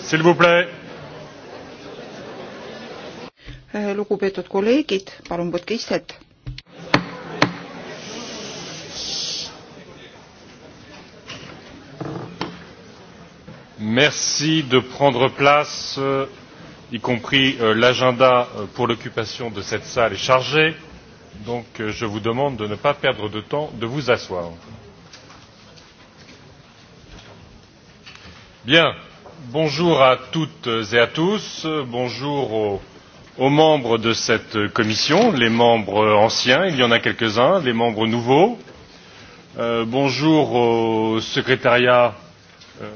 S'il vous plaît. Äh, lugupeetud kolleegid, palun võtke istet. Merci de prendre place, euh, y compris euh, l'agenda euh, pour l'occupation de cette salle est chargé donc euh, je vous demande de ne pas perdre de temps de vous asseoir. Bien. bonjour à toutes et à tous bonjour aux, aux membres de cette commission les membres anciens il y en a quelques uns les membres nouveaux euh, bonjour au secrétariat euh,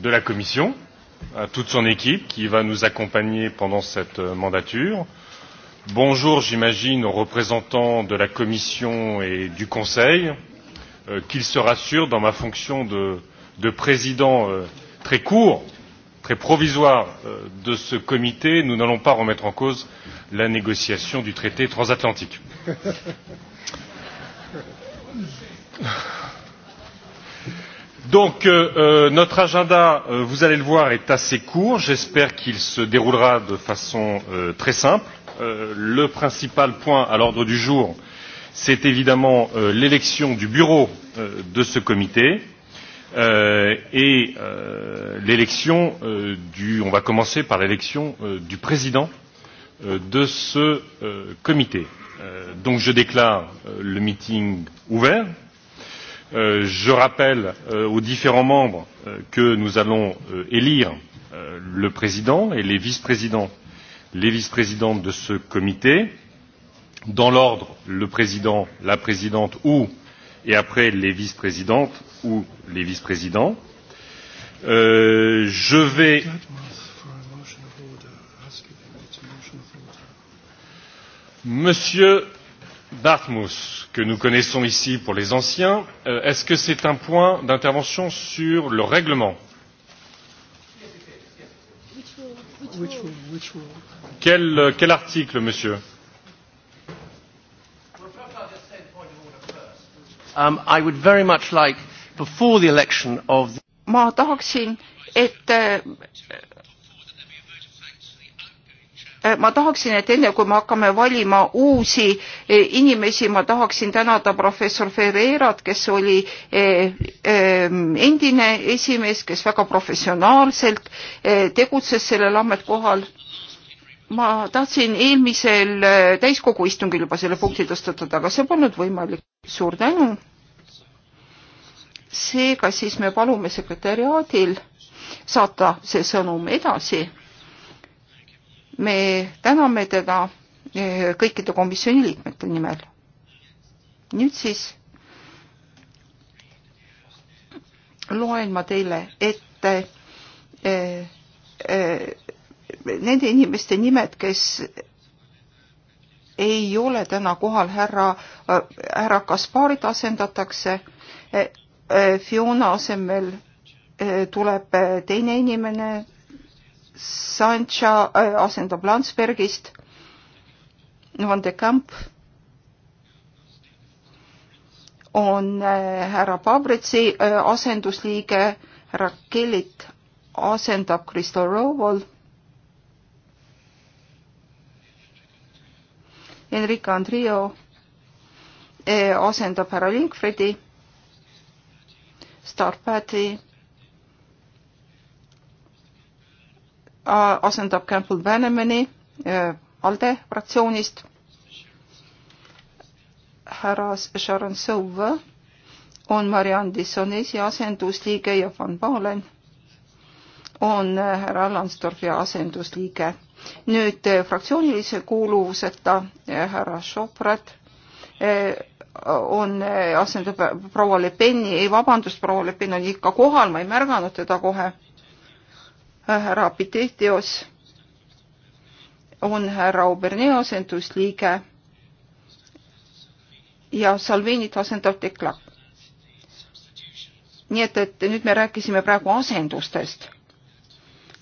de la commission à toute son équipe qui va nous accompagner pendant cette mandature. Euh, bonjour j'imagine aux représentants de la commission et du conseil euh, qu'ils se rassurent dans ma fonction de, de président euh, très court très provisoire euh, de ce comité nous n'allons pas remettre en cause la négociation du traité transatlantique. Donc, euh, notre agenda, euh, vous allez le voir, est assez court. J'espère qu'il se déroulera de façon euh, très simple euh, le principal point à l'ordre du jour c'est évidemment euh, l'élection du bureau euh, de ce comité euh, et euh, l'élection euh, du on va commencer par l'élection du président de ce comité. donc je déclare le meeting ouvert. je rappelle aux différents membres que nous allons élire le président et les vice présidents les vice présidentes de ce comité dans l'ordre le président la présidente ou et après les vice présidentes ou les vice présidents. Euh, je vais monsieur dartmouth que nous connaissons ici pour les anciens euh, est ce que c'est un point d'intervention sur le règlement? Which rule? Which rule? Quel, quel article, monsieur um, I would very much like, before the election of the... ma tahaksin, et Äh, ma tahaksin, et enne kui me hakkame valima uusi äh, inimesi, ma tahaksin tänada professor Ferreirat, kes oli äh, endine esimees, kes väga professionaalselt tegutses sellel ametkohal ma tahtsin eelmisel täiskogu istungil juba selle punkti tõstatada, aga see polnud võimalik. suur tänu. seega siis me palume sekretäriaadil saata see sõnum edasi me täname teda eh, kõikide komisjoni liikmete nimel. nüüd siis loen ma teile ette eh, eh, nende inimeste nimed, kes ei ole täna kohal, härra, eh, härra Kasparit asendatakse eh,, eh Fiona asemel tuleb teine inimene, Sancha äh, asendab Landsbergist, Van de Kamp on äh, härra Pabritsi äh, asendusliige, härra Kellit asendab Kristo Rowell. Enrico Andrio asendab härra Lingfredi, Star Patti asendab Campbell Bannemani e, ALDE fraktsioonist. härra Sharon Sõuv on Marianne Dissonesi asendusliige ja Van Balen on e, härra Lansdorfi asendusliige. nüüd e, fraktsioonilise kuuluvuseta härra Šoprat on, asendab proua Le Peni, ei vabandust, proua Le Pen on ikka kohal, ma ei märganud teda kohe härra Epiteetios on härra Aubernee asendusliige ja Salvinit asendab Tekla. nii et, et nüüd me rääkisime praegu asendustest.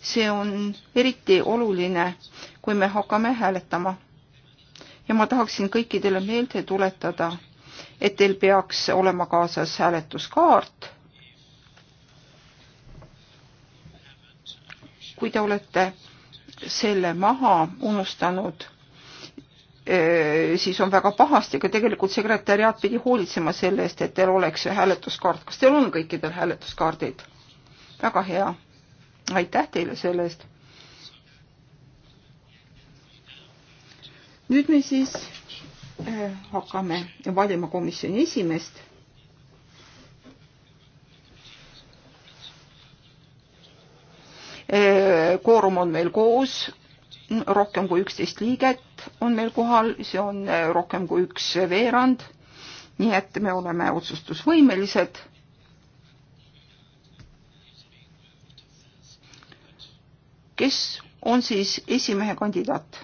see on eriti oluline, kui me hakkame hääletama. ja ma tahaksin kõikidele meelde tuletada, et teil peaks olema kaasas hääletuskaart kui te olete selle maha unustanud, eh, siis on väga pahasti, aga tegelikult sekretäriaat pidi hoolitsema selle eest, et teil oleks see hääletuskaart. kas teil on kõikidel hääletuskaardid? väga hea. aitäh teile selle eest. nüüd me siis eh, hakkame valima komisjoni esimeest koorum eh, on meil koos, rohkem kui üksteist liiget on meil kohal, see on eh, rohkem kui üks veerand. nii et me oleme otsustusvõimelised. kes on siis esimehe kandidaat?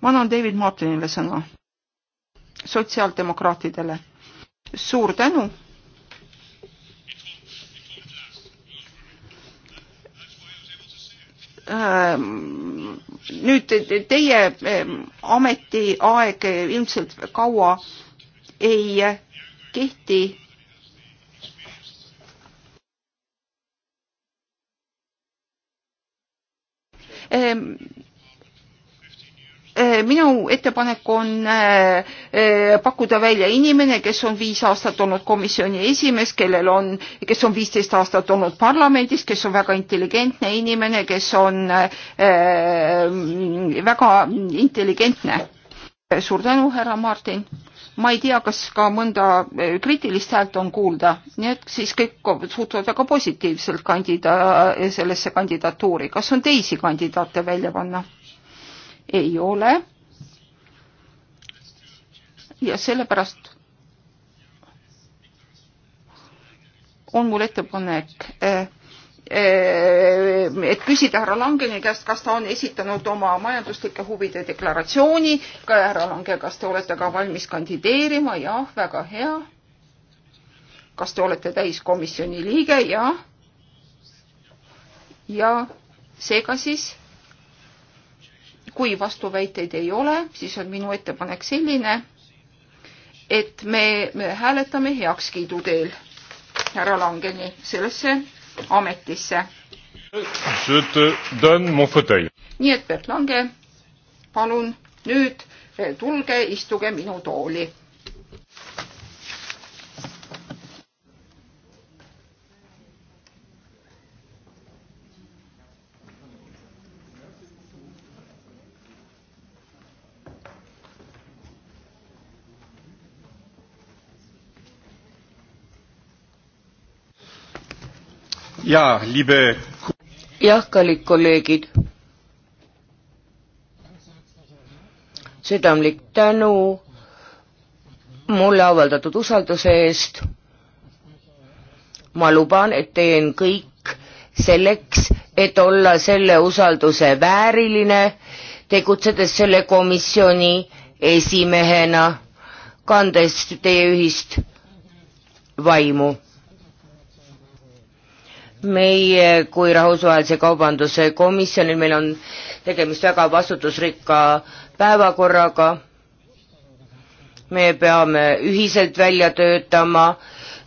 ma annan David Martinile sõna, sotsiaaldemokraatidele. suur tänu Äh, nüüd teie ähm, ametiaeg ilmselt kaua ei kehti. Um, ähm Eh, minu ettepanek on eh, eh, pakkuda välja inimene, kes on viis aastat olnud komisjoni esimees, kellel on, kes on viisteist aastat olnud parlamendis, kes on väga intelligentne inimene, kes on väga intelligentne. suur tänu, härra Martin. ma ei tea, kas ka mõnda kriitilist häält on kuulda, nii et siis kõik suhtuvad väga positiivselt kandida-, sellesse kandidatuuri. kas on teisi kandidaate välja panna? ei ole. ja sellepärast on mul ettepanek, eh, eh, et küsida härra Langeni käest, kas ta on esitanud oma majanduslike huvide deklaratsiooni. ka härra Lange, kas te olete ka valmis kandideerima? jah, väga hea. kas te olete täiskomisjoni liige? jah. ja seega siis kui vastuväiteid ei ole, siis on minu ettepanek selline, et me, me hääletame heakskiidu teel härra Langeni sellesse ametisse. nii et Bert Lange, palun nüüd tulge, istuge minu tooli jaa, libe. jah, kallid kolleegid. südamlik tänu mulle avaldatud usalduse eest. ma luban, et teen kõik selleks, et olla selle usalduse vääriline, tegutsedes selle komisjoni esimehena, kandes teie ühist vaimu meie kui Rahvusvahelise Kaubanduse Komisjonil, meil on tegemist väga vastutusrikka päevakorraga, me peame ühiselt välja töötama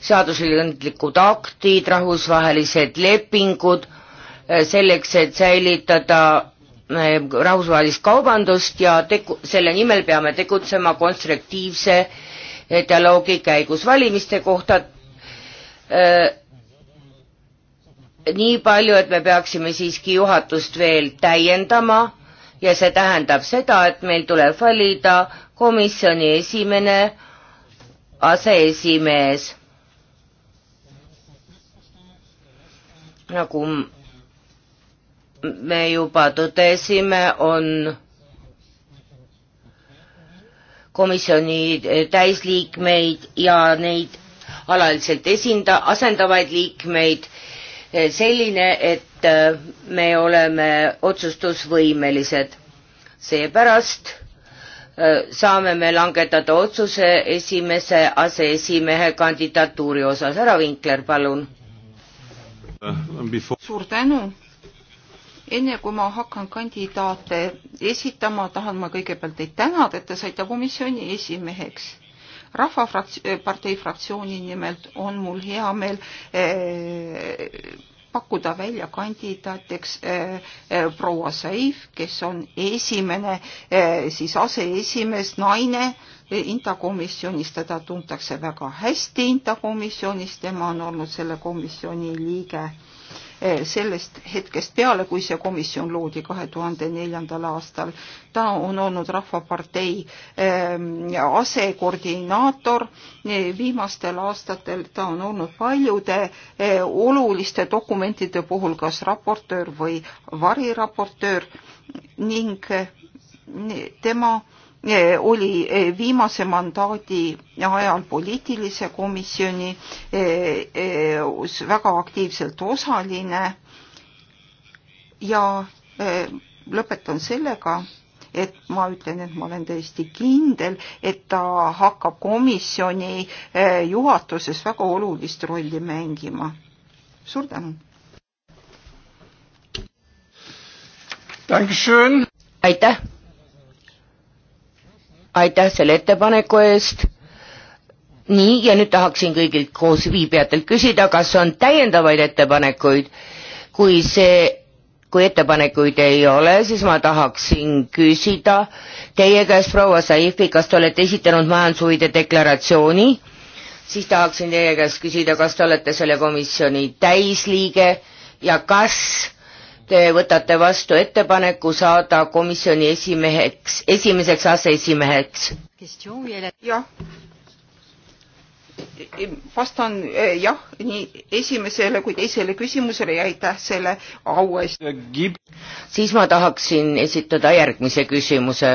seaduslikud aktid, rahvusvahelised lepingud, selleks, et säilitada eh, rahvusvahelist kaubandust ja tegu, selle nimel peame tegutsema konstruktiivse eh, dialoogi käigus valimiste kohta äh, nii palju, et me peaksime siiski juhatust veel täiendama ja see tähendab seda, et meil tuleb valida komisjoni esimene aseesimees. nagu me juba tõdesime, on komisjoni täisliikmeid ja neid alaliselt esinda-, asendavaid liikmeid Eh, selline, et eh, me oleme otsustusvõimelised. seepärast eh, saame me langetada otsuse esimese aseesimehe kandidatuuri osas. härra Vinkler, palun. suur tänu. enne kui ma hakkan kandidaate esitama, tahan ma kõigepealt teid tänada, et te saite komisjoni esimeheks Rahvapartei eh, fraktsiooni nimelt on mul hea meel eh, pakkuda välja kandidaateks eh, proua Saif, kes on esimene siis aseesimees naine Inta komisjonis, teda tuntakse väga hästi Inta komisjonis, tema on olnud selle komisjoni liige Eh, sellest hetkest peale, kui see komisjon loodi kahe tuhande neljandal aastal. ta on olnud Rahvapartei ehm, asekoordinaator, eh, viimastel aastatel ta on olnud paljude eh, oluliste dokumentide puhul kas raportöör või variraportöör ning tema Eh, oli eh, viimase mandaadi ajal poliitilise komisjoni eh, väga aktiivselt osaline ja lõpetan sellega, et ma ütlen, et ma olen täiesti kindel, et ta hakkab komisjoni juhatuses väga olulist rolli mängima. suur tänu! aitäh! aitäh selle ettepaneku eest. nii, ja nüüd tahaksin kõigilt koos viibijatelt küsida, kas on täiendavaid ettepanekuid. kui see, kui ettepanekuid ei ole, siis ma tahaksin küsida teie käest, proua Saifi, kas te olete esitanud majandushuvide deklaratsiooni? siis tahaksin teie käest küsida, kas te olete selle komisjoni täisliige ja kas te võtate vastu ettepaneku saada komisjoni esimeheks, esimeseks aseesimeheks? jah. vastan eh, jah, nii esimesele kui teisele küsimusele ja aitäh selle au eest. siis ma tahaksin esitada järgmise küsimuse.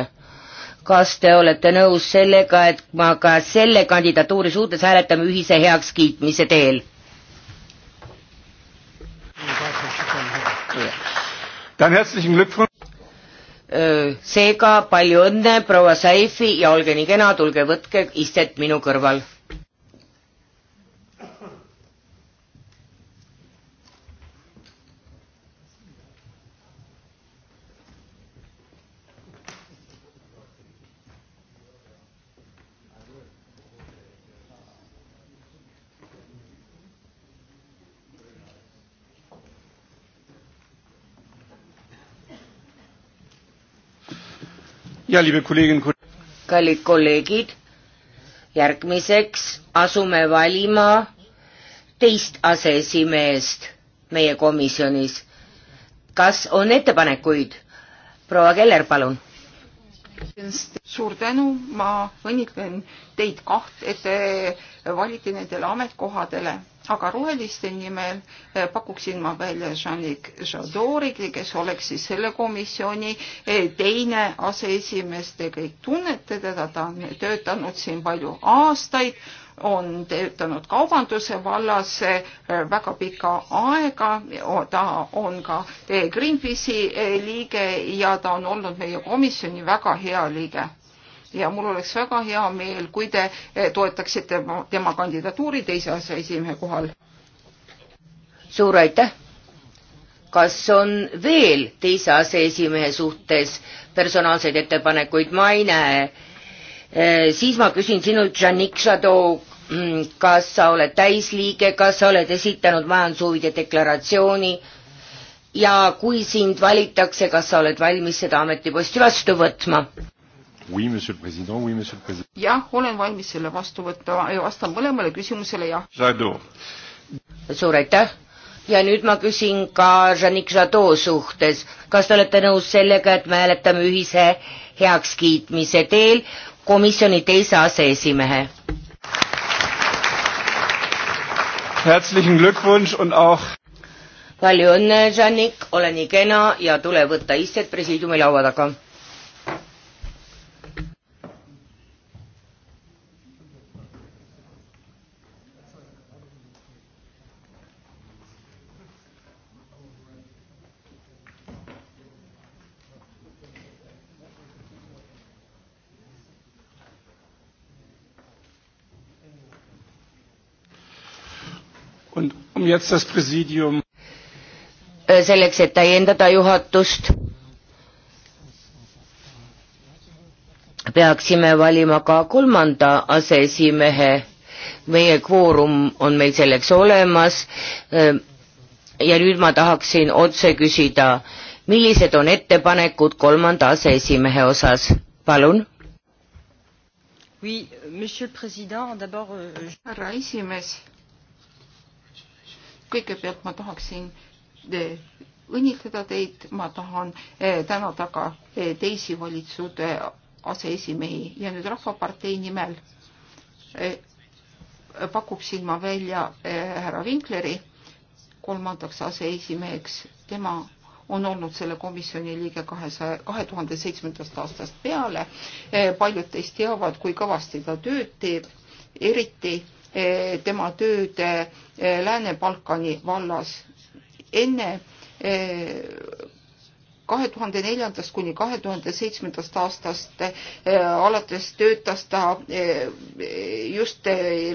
kas te olete nõus sellega, et ma ka selle kandidatuuri suhtes hääletame ühise heakskiitmise teel? seega palju õnne, proua Saifi ja olge nii kena, tulge võtke istet minu kõrval kallid kolleegid, järgmiseks asume valima teist aseesimeest meie komisjonis. kas on ettepanekuid? proua Keller, palun. suur tänu, ma õnnitlen teid kaht, et te valiti nendele ametkohadele aga roheliste nimel eh, pakuksin ma välja Jean-Luc Jadorigi, kes oleks siis selle komisjoni eh, teine aseesimees, te kõik tunnete teda, ta on töötanud siin palju aastaid, on töötanud kaubanduse vallas eh, väga pika aega, ta on ka Greenpeace'i liige ja ta on olnud meie komisjoni väga hea liige ja mul oleks väga hea meel, kui te eh, toetaksite tema kandidatuuri teise aseesimehe kohal. suur aitäh! kas on veel teise aseesimehe suhtes personaalseid ettepanekuid, ma ei näe. Eh, siis ma küsin sinult, Janik Šado, mm, kas sa oled täisliige, kas sa oled esitanud majandushuvide deklaratsiooni ja kui sind valitakse, kas sa oled valmis seda ametiposti vastu võtma? jah, olen valmis selle vastu võtma, vastan mõlemale küsimusele jah. suur aitäh ja nüüd ma küsin ka Janik Jadot suhtes, kas te olete nõus sellega, et me hääletame ühise heakskiitmise teel komisjoni teise aseesimehe? palju õnne, Janik, ole nii kena ja tule võtta istet presiidiumi laua taga selleks, et täiendada juhatust, peaksime valima ka kolmanda aseesimehe. meie kvoorum on meil selleks olemas. ja nüüd ma tahaksin otse küsida, millised on ettepanekud kolmanda aseesimehe osas? palun euh, härra esimees kõigepealt ma tahaksin eh, õnnitleda teid, ma tahan eh, tänada ka eh, teisi valitsude aseesimehi ja nüüd Rahvapartei nimel pakuksin ma välja härra Vinkleri kolmandaks aseesimeheks, tema on olnud selle komisjoni liige kahesaja, kahe tuhande seitsmendast aastast peale. paljud teist teavad, kui kõvasti ta tööd teeb, eriti Eh, tema tööd eh, Lääne-Balkani vallas. enne eh, kahe tuhande neljandast kuni kahe tuhande seitsmendast aastast alates töötas ta just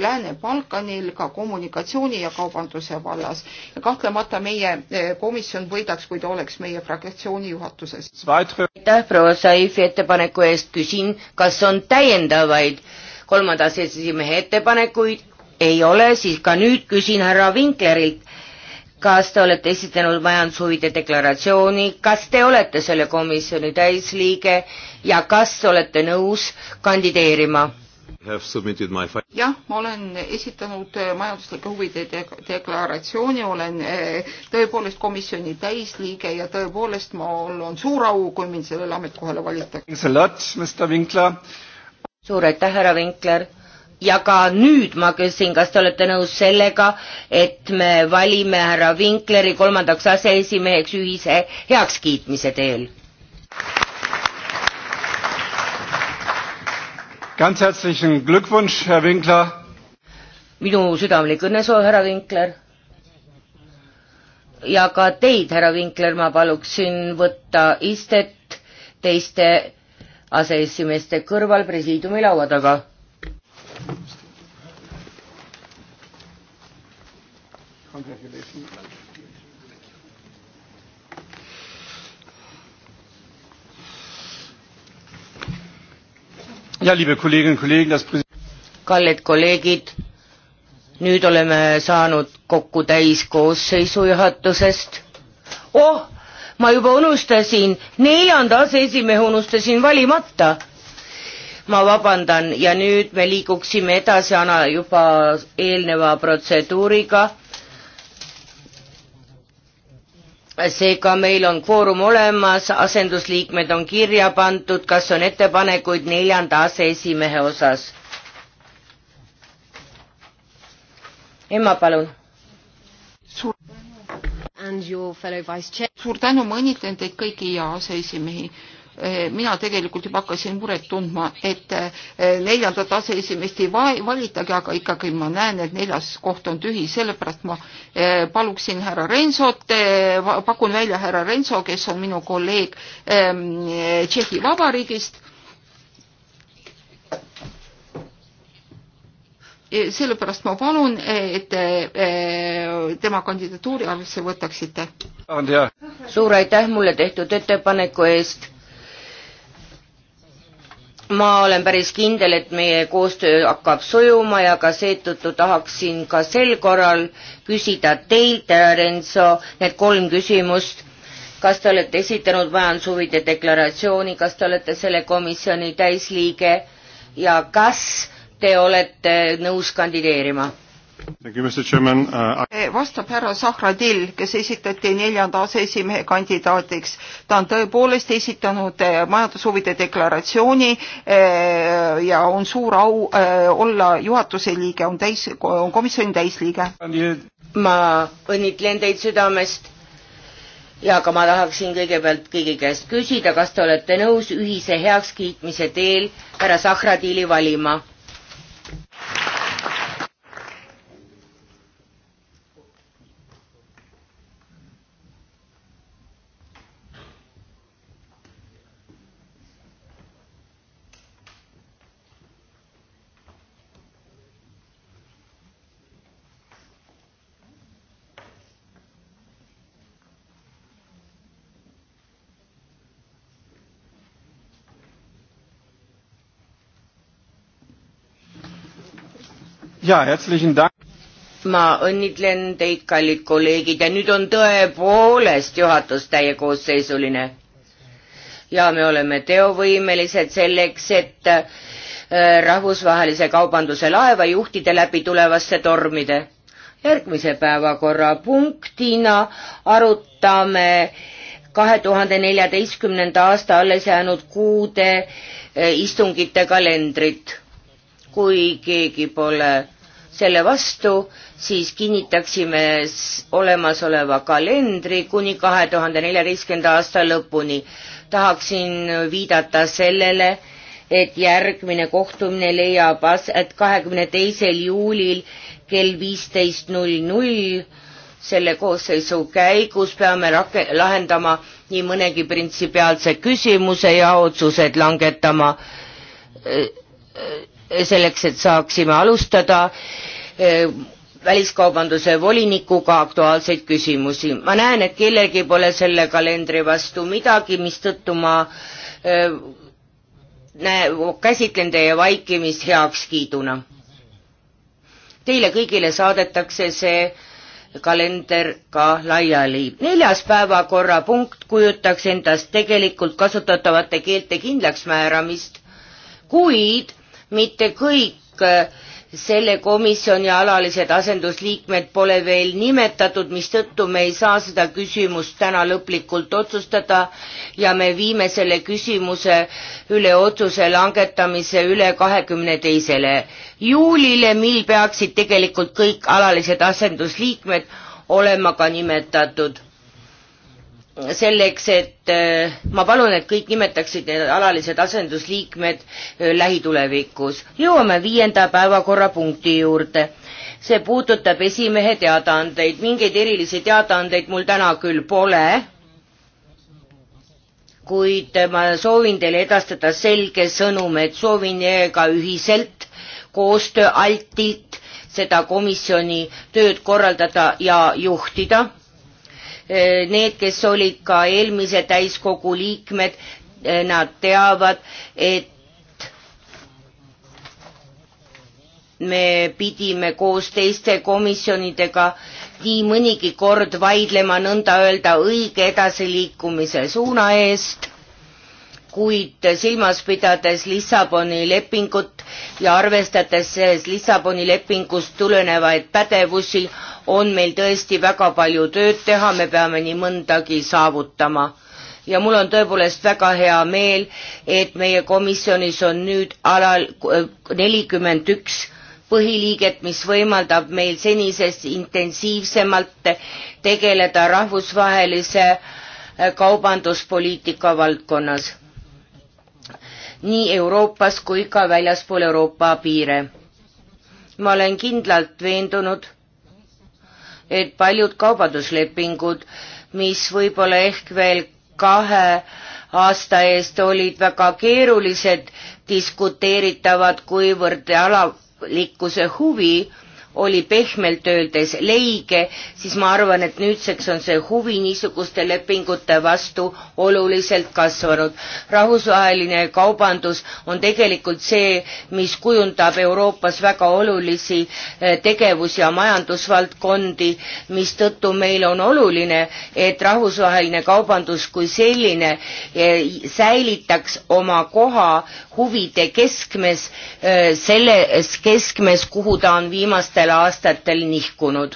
Lääne-Balkanil ka kommunikatsiooni ja kaubanduse vallas. kahtlemata meie komisjon võidaks, kui ta oleks meie fraktsiooni juhatuses. aitäh, proua Saifi ettepaneku eest, küsin, kas on täiendavaid kolmanda aseesimehe ettepanekuid ei ole, siis ka nüüd küsin härra Vinklerilt, kas te olete esitanud majandushuvide deklaratsiooni, kas te olete selle komisjoni täisliige ja kas olete nõus kandideerima? jah, ma olen esitanud majanduslike huvide deklaratsiooni, olen eh, tõepoolest komisjoni täisliige ja tõepoolest mul on suur au, kui mind sellele ametikohale valitakse suur aitäh, härra Vinkler ja ka nüüd ma küsin, kas te olete nõus sellega, et me valime härra Vinkleri kolmandaks aseesimeheks ühise heakskiitmise teel? ganz herzlichen Glückwunsch, Herr Winkler. minu südamlik õnnesoov, härra Vinkler. ja ka teid, härra Vinkler, ma paluksin võtta istet teiste aseesimeeste kõrval presiidiumi laua taga. Congratulations. Ja, liebe Kolleginnen und Kollegen, das Kallid kolleegid, nüüd oleme saanud kokku täiskoosseisu juhatusest. Oh, ma juba unustasin, neljanda aseesimehe unustasin valimata. ma vabandan ja nüüd me liiguksime edasi Ana juba eelneva protseduuriga. seega meil on kvoorum olemas, asendusliikmed on kirja pandud, kas on ettepanekuid neljanda aseesimehe osas? Emma, palun. suur tänu suur tänu, ma õnnitlen teid kõiki ja aseesimehi eh, mina tegelikult juba hakkasin muret tundma, et eh, neljandat aseesimeest ei valitagi, aga ikkagi ma näen, et neljas koht on tühi, sellepärast ma eh, paluksin härra Rensot, pakun välja härra Renso, kes on minu kolleeg ehm, Tšehhi Vabariigist E, sellepärast ma palun, e, et e, tema kandidatuuri arvesse võtaksite. suur aitäh mulle tehtud ettepaneku eest. ma olen päris kindel, et meie koostöö hakkab sujuma ja ka seetõttu tahaksin ka sel korral küsida teilt, Renzo, need kolm küsimust kas te olete esitanud majandushuvide deklaratsiooni, kas te olete selle komisjoni täisliige ja kas te olete nõus kandideerima? Uh, eh, vastab härra Zahradil, kes esitati neljanda aseesimehe kandidaadiks. ta on tõepoolest esitanud eh, majandushuvide deklaratsiooni eh, ja on suur au olla juhatuse liige, on täis, on komisjoni täisliige. ma õnnitlen teid südamest ja aga ma tahaksin kõigepealt kõigi käest küsida, kas te olete nõus ühise heakskiitmise teel härra Zahradili valima? ja herzlichen Dank. ma õnnitlen teid, kallid kolleegid, ja nüüd on tõepoolest juhatus täiekoosseisuline. ja me oleme teovõimelised selleks, et äh, rahvusvahelise kaubanduse laeva juhtida läbi tulevasse tormide. järgmise päevakorrapunktina arutame kahe tuhande neljateistkümnenda aasta alles jäänud kuude äh, istungite kalendrit kui keegi pole selle vastu, siis kinnitaksime olemasoleva kalendri kuni kahe tuhande neljateistkümnenda aasta lõpuni. tahaksin viidata sellele, et järgmine kohtumine leiab aset kahekümne teisel juulil kell viisteist null null. selle koosseisu käigus peame lahendama nii mõnegi printsipiaalse küsimuse ja otsused langetama äh, äh, selleks, et saaksime alustada eh, väliskaubanduse volinikuga aktuaalseid küsimusi. ma näen, et kellelgi pole selle kalendri vastu midagi, mistõttu ma eh, näe, käsitlen teie vaikimist heakskiiduna. Teile kõigile saadetakse see kalender ka laiali. neljas päevakorrapunkt kujutaks endast tegelikult kasutatavate keelte kindlaksmääramist, kuid mitte kõik äh, selle komisjoni alalised asendusliikmed pole veel nimetatud, mistõttu me ei saa seda küsimust täna lõplikult otsustada ja me viime selle küsimuse üle otsuse langetamise üle kahekümne teisele juulile, mil peaksid tegelikult kõik alalised asendusliikmed olema ka nimetatud selleks, et äh, ma palun, et kõik nimetaksid need alalised asendusliikmed äh, lähitulevikus. jõuame viienda päevakorrapunkti juurde. see puudutab esimehe teadaandeid, mingeid erilisi teadaandeid mul täna küll pole, kuid ma soovin teile edastada selge sõnumi, et soovin ka ühiselt, koostööaltilt seda komisjoni tööd korraldada ja juhtida Eh, need, kes olid ka eelmise täiskogu liikmed, eh, nad teavad, et me pidime koos teiste komisjonidega nii mõnigi kord vaidlema nõnda öelda õige edasiliikumise suuna eest kuid silmas pidades Lissaboni lepingut ja arvestades selles Lissaboni lepingust tulenevaid pädevusi, on meil tõesti väga palju tööd teha, me peame nii mõndagi saavutama. ja mul on tõepoolest väga hea meel, et meie komisjonis on nüüd alal nelikümmend üks põhiliiget, mis võimaldab meil senisest intensiivsemalt tegeleda rahvusvahelise kaubanduspoliitika valdkonnas nii Euroopas kui ka väljaspool Euroopa piire. ma olen kindlalt veendunud, et paljud kaubanduslepingud, mis võib-olla ehk veel kahe aasta eest olid väga keerulised, diskuteeritavad, kuivõrd alalikkuse huvi oli pehmelt öeldes leige, siis ma arvan, et nüüdseks on see huvi niisuguste lepingute vastu oluliselt kasvanud. rahvusvaheline kaubandus on tegelikult see, mis kujundab Euroopas väga olulisi eh, tegevus- ja majandusvaldkondi, mistõttu meil on oluline, et rahvusvaheline kaubandus kui selline eh, säilitaks oma koha huvide keskmes, eh, selles keskmes, kuhu ta on viimaste viimastel aastatel nihkunud.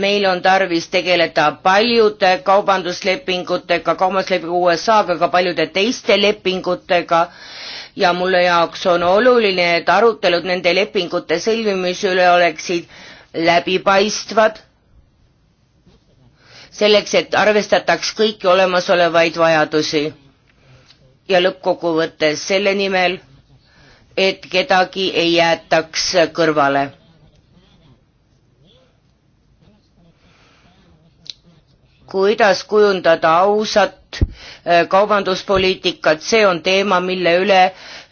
meil on tarvis tegeleda paljude kaubanduslepingutega, kaubanduslepingu USA-ga, ka paljude teiste lepingutega ja mulle jaoks on oluline, et arutelud nende lepingute sõlmimise üle oleksid läbipaistvad, selleks, et arvestataks kõiki olemasolevaid vajadusi. ja lõppkokkuvõttes selle nimel et kedagi ei jäetaks kõrvale. kuidas kujundada ausat eh, kaubanduspoliitikat, see on teema, mille üle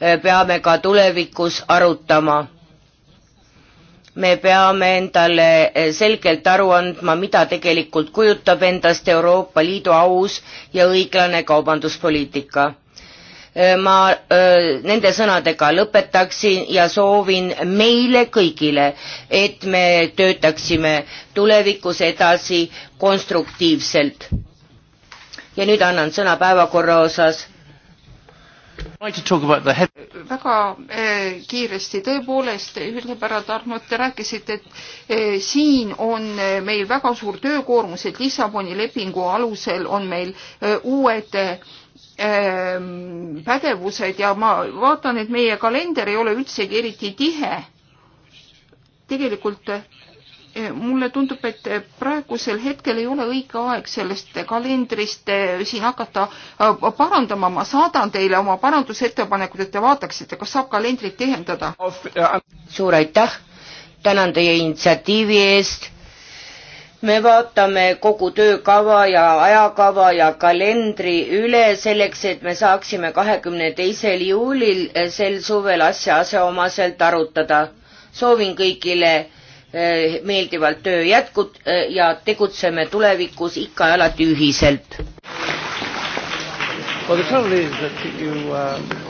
eh, peame ka tulevikus arutama. me peame endale eh, selgelt aru andma, mida tegelikult kujutab endast Euroopa Liidu aus ja õiglane kaubanduspoliitika ma nende sõnadega lõpetaksin ja soovin meile kõigile, et me töötaksime tulevikus edasi konstruktiivselt. ja nüüd annan sõna päevakorra osas. väga äh, kiiresti, tõepoolest, ütleme, Tarmo, te rääkisite, et äh, siin on äh, meil väga suur töökoormus, et Lissaboni lepingu alusel on meil uued Ähm, pädevused ja ma vaatan, et meie kalender ei ole üldsegi eriti tihe. tegelikult eh, mulle tundub, et praegusel hetkel ei ole õige aeg sellest kalendrist eh, siin hakata eh, parandama. ma saadan teile oma parandusettepanekud, et te vaataksite, kas saab kalendrit tihendada. suur aitäh, tänan teie initsiatiivi eest me vaatame kogu töökava ja ajakava ja kalendri üle selleks, et me saaksime kahekümne teisel juulil sel suvel asja asjaomaselt arutada. soovin kõigile eh, meeldivat töö jätkut eh, ja tegutseme tulevikus ikka ja alati ühiselt. Well, the trouble is that you, uh,